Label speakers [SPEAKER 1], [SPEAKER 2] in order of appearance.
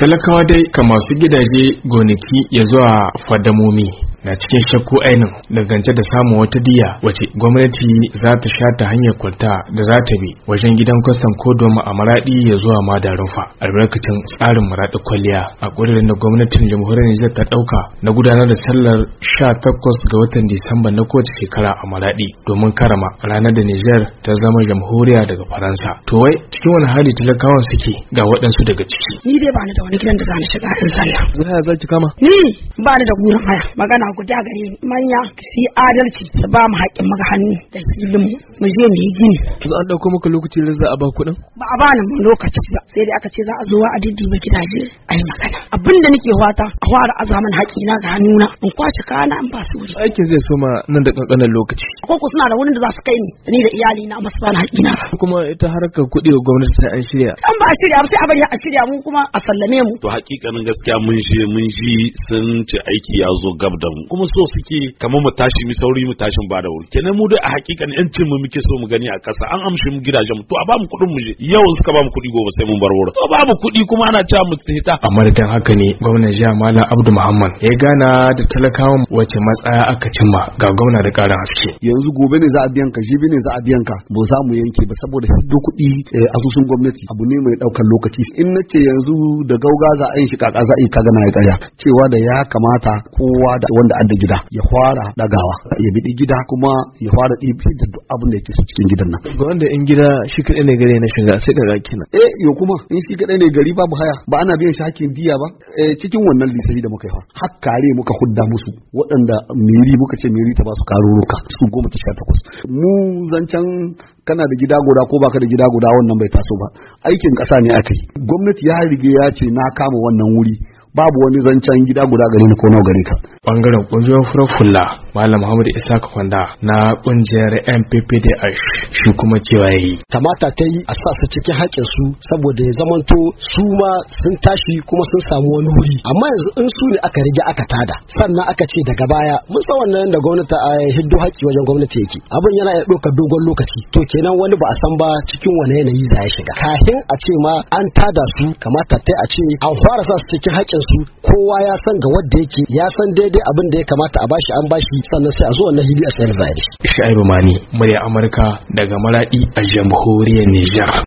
[SPEAKER 1] talakawa dai ka masu gidaje gonaki ya zuwa fadamomi na cikin shakku ainin dangance da samun wata diya wace gwamnati za ta sha ta hanyar kwalta da za ta bi wajen gidan kwastam ko domin a maraɗi ya zuwa ma da rumfa albarkacin tsarin maraɗi kwalliya a ƙudurin da gwamnatin jamhuriyar Nijar ta ɗauka na gudanar da sallar 18 ga watan Disamba na kowace shekara a maraɗi domin karama ranar da Nijar ta zama jamhuriya daga Faransa. To wai cikin wani hali talakawan suke ga waɗansu daga ciki.
[SPEAKER 2] Ni dai ba ni da wani gidan da za ni shiga in sallah. Ni ba ni da gurin haya magana guda gare manya su yi adalci su ba mu haƙƙin maka hannu da filin mu je mu yi gini. To an
[SPEAKER 1] ɗauko maka lokaci da za a ba kuɗin?
[SPEAKER 2] Ba a ba ni lokaci ba sai dai aka ce za a zo a ba gidaje a yi magana. abin da nake fata a fara azaman na ga hannuna in kwace kana in ba su wuri aikin zai soma nan da kankanin lokaci ko ku suna da wurin da za su kai ni ni da iyali na ba haƙi na
[SPEAKER 1] kuma ita harkar kuɗi ga gwamnati sai an shirya
[SPEAKER 2] an ba a shirya sai a bari a shirya mu kuma a sallame mu
[SPEAKER 3] to haƙiƙanin gaskiya mun je mun ji sun ci aiki ya zo gab da mu
[SPEAKER 1] kuma so suke
[SPEAKER 3] kamar mu tashi mu sauri mu tashin ba da wuri kenan mu dai a hakikanin yancin mu muke so mu gani a ƙasa an amshi mu gidajen mu to a ba mu kuɗin mu je yau suka ba mu kuɗi gobe sai mun bar wurin to ba mu kuɗi kuma ana cewa mu tsita
[SPEAKER 1] amma da haka ne gwamnan jiha malam abdu muhammad ya gana da talakawan wace matsaya aka cimma ga gwamna da karin haske
[SPEAKER 3] yanzu gobe ne za a biyan ka jibi ne za a biyan ka ba za mu yanke ba saboda hiddo kuɗi eh, asusun gwamnati abu ne mai ɗaukar lokaci in na ce yanzu da gauga za a yi shi kaka za a yi kaga na ya tsaya cewa da ya kamata kowa da wanda an da gida ya fara dagawa ya bi gida kuma ya fara ɗibi da duk abin da yake so cikin gidan nan ga wanda in gida
[SPEAKER 1] shi kaɗai ne gare na shiga sai kaga kenan
[SPEAKER 3] eh yo kuma in shi kaɗai ne gari babu haya ba ana biyan shi hakkin diya ba Eh, cikin wannan lisafi da muka yi har kare muka hudda musu waɗanda miri muka ce miri ta ba su karuruka su goma ta sha takwas mu zancen kana da gida guda ko baka da gida guda wannan bai taso ba aikin ƙasa ne aka yi gwamnati ya rige ya ce na kama wannan wuri babu wani zancen gida guda gare ni ko nawa gare ka
[SPEAKER 1] bangaren kungiyoyin furar fulla malam Isa isaka kwanda na kungiyar mppdh shi kuma cewa yayi
[SPEAKER 4] kamata ta yi a sa cikin haƙƙin su saboda ya zamanto su ma sun tashi kuma sun samu wani wuri amma yanzu in su ne aka rige aka tada sannan aka ce daga baya mun san wannan da gwamnati a eh, hiddo haƙƙi wajen gwamnati yake abin yana iya ɗaukar dogon lokaci to kenan wani ba a san ba cikin wani yanayi za ya shiga kafin a ce ma an tada su kamata ta yi a ce an fara sa su cikin haƙƙin su kowa ya san ga wanda yake ya san daidai abin da ya kamata a bashi an bashi sannan sai a zo wannan hili a da zai
[SPEAKER 1] ai Mani murya Amurka daga Maradi a jamhuriyar Nijar